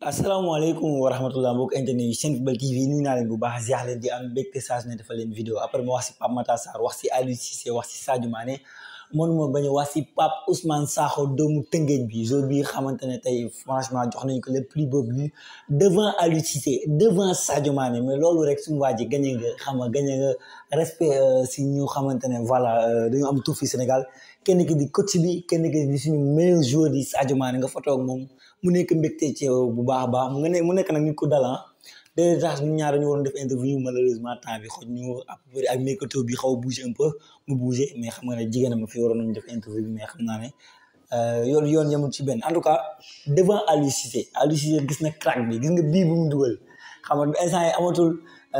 asalaamaaleykum wa rahmatulah mbokk internet yi Senfootball TV nuyu naa leen bu baax ziar leen di am mbégte saa su ne dafa leen vidéo après ma wax si Pape Matar Sarr wax si Aliou Cissé wax si Sadio Mané mënuma bañ a wax si Pape Ousmane Sakho doomu Tëngéej bi jour bi xamante ne tey franchement jox nañ ko le plus beau but devant Aliou Cissé devant Sadio Mané mais loolu rek suñu waa ji gagné nga xam nga gagné nga respect euh, si ñu xamante ne voilà euh, dañu am tuuti Sénégal kenn ki di coach bi kenn ki di suñu meilleur joueur di Sadio Mané nga fotoog moom mu nekk mbégte ci bu baax a baax mu nekk nag ñu ko dalan ah. léegi sax ñun ñaar ñu waroon def interview malheureusement temps bi xoj ñu à peu près ak bi xaw a bougé un peu mu bougé xam nga ne jigéen ma fi waroon nañu def interview bi mais xam naa ne euh, yoon yoon yemul ci benn en tout cas devant a Cissé Aliou Cissé gis na crack bi gis nga bii bu mu dugal xam nga instant yi amatul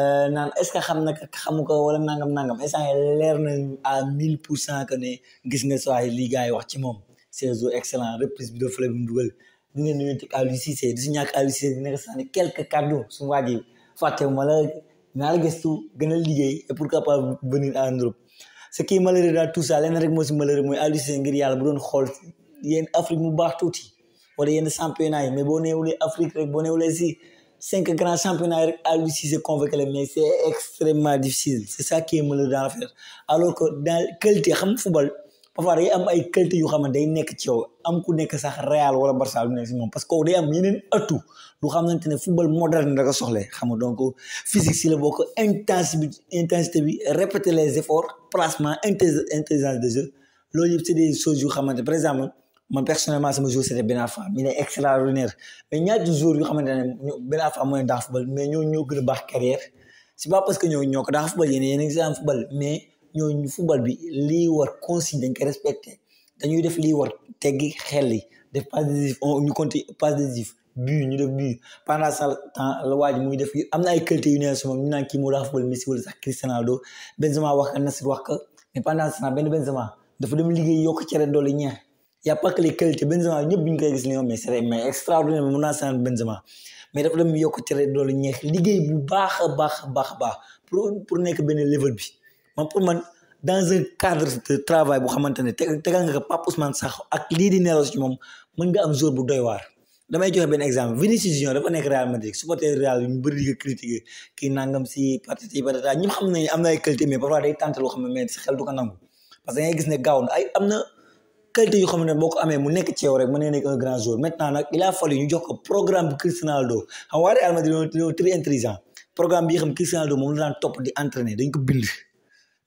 euh, naan est ce que xam na xamu ko wala nangam nangam instant yi leer na a mille pour cent que ne gis nga saa yi lii yi wax ci moom c'est excellent reprise bi de fleuve bi mu dugal. ñu ngi nuyu Aliou Cissé di si ñàkk Aliou Cissé dina sànni quelques cadeaux su ma waajee fàttewu ma la naa la gëstu gën a liggéey et pourquoi pas venir en Europe ce qui est malheureux dans tout ça lenn rek moo si malheureux mooy Aliou Cissé ngir yàlla bu doon xool yéen Afrique mu baax tuuti wala yenn championnat yi mais boo néewulee Afrique rek boo néewulee si cinq grands championnats yi rek Aliou Cissé convoqué la mais c'est extrêmement difficile c'est ça qui est malheureux dans l'affaire alors que dans qualité xam football parfois day am ay qualité yu xam ne day nekk ci yow am ku nekk sax Real wala Barça lu nekk si moom parce que day am yeneen atu lu xamante ne football moderne la soxle xam donc physique si la bokk intensité bi répéter les efforts placement intelligence de jeu loolu yëpp c'est des yu xamante par exemple man personnellement sama joueur c'était Benafa mi ne extraordinaire mooy daan football mais ñoo ñoo gën a baax carrière c'est pas parce que ñoo ñoo ko daan football yéen yéen a ñooñu football bi lii war consigne dañ ko respecté dañuy def lii war teggi xel yi def passe décisive ñu compté passe décisive but ñu def but pendant sa temps la waaj muy def am na ay qualité yu ne sama ñu naan kii moo daa football Messi wala sax Cristiano Ronaldo Benzema wax ka Nasri wax ka mais pendant sa temps benn Benzema dafa dem liggéey yokk cere doole ñeex y' a pas que les qualités Benzema ñëpp buñ koy gis ne mais c'est mais extraordinaire mun naa saan Benzema mais dafa dem yokk cere doole ñeex liggéey bu baax a baax a baax a baax pour pour nekk benn level bi man pour man dans un cadre de travail bu xamante ne tegal nga ko Pape Ousmane Sakho ak lii di nelaw ci moom mën nga am jour bu doy waar damay joxe benn exemple Vinicius si parti patata ñi si xel gis ne gaaw na ay am na qualité yoo xam ne boo ko amee mu nekk ci rek mën na nekk un grand joueur maintenant nag il a ñu jox ko programme bi Cristiano Ronaldo waa Real Madrid ñoo très intelligent programme bi xam Cristiano Ronaldo moom la daan topp di entraîner dañ ko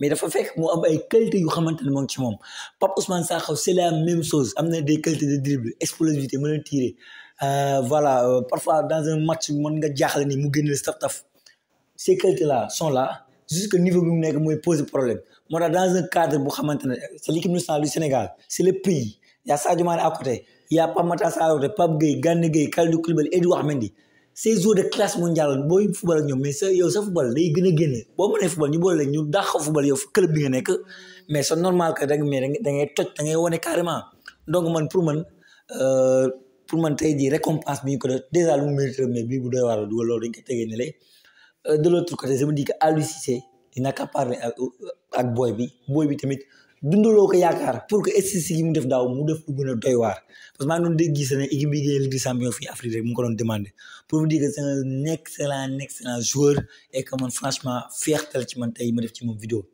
mais dafa fekk mu am ay qualité yu xamante mo ngi ci moom Pape Ousmane Sakho c'est la même chose am na des qualités de dribble explosivité mën a tirer euh, voilà euh, parfois dans un match mën nga jaaxle ni mu génne taf taf ces qualités là sont là juste que niveau bi mu nekk mooy poser problème moo tax dans un cadre bu xamante c'est l'équipe nationale du Sénégal c'est le pays il y a Sadio Mané à côté il y a Pape Matar Sarr à côté Pape Gueye Gana Gueye Kalidou Koulibaly Edouard Mendy ces joueurs de classe mondiale booy football ak mais sa yow sa football day gën a génne boo mënee football ñu boole ñu dàq football yow club bi nga nekk mais c'est normal que rek da ngay toj da ngay wane carrément donc man pour man euh, pour man tey jii récompense bi ñu ko def déjà lu mu mérite mais bii bu doy waar la dugal loolu dañ ko tegee ne euh, de l'autre côté je me dis dina ka parler a ak booy bi booy bi tamit dundaloo ko yaakaar pour que statistique yi mu def daaw mu def lu gën a doy parce que maa ngi doon dégg gis ne équipe bi di Ligue des champions fii Afrique rek mu ko doon demandé pour vous dire que c'est un excellent excellent joueur et que man franchement fierté la ci man tey ma def ci moom vidéo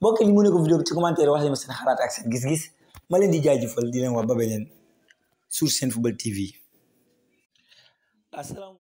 mbokk yi mu ne ko vidéo bi ci commentaire wax leen ma seen xalaat ak seen gis-gis ma leen di jaajëfal di leen wax ba beneen sur Senfootball TV.